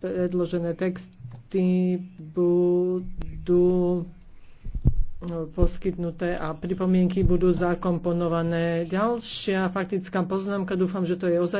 predložené texty budú poskytnuté a pripomienky budú zakomponované. Ďalšia faktická poznámka, dúfam, že to je ozaj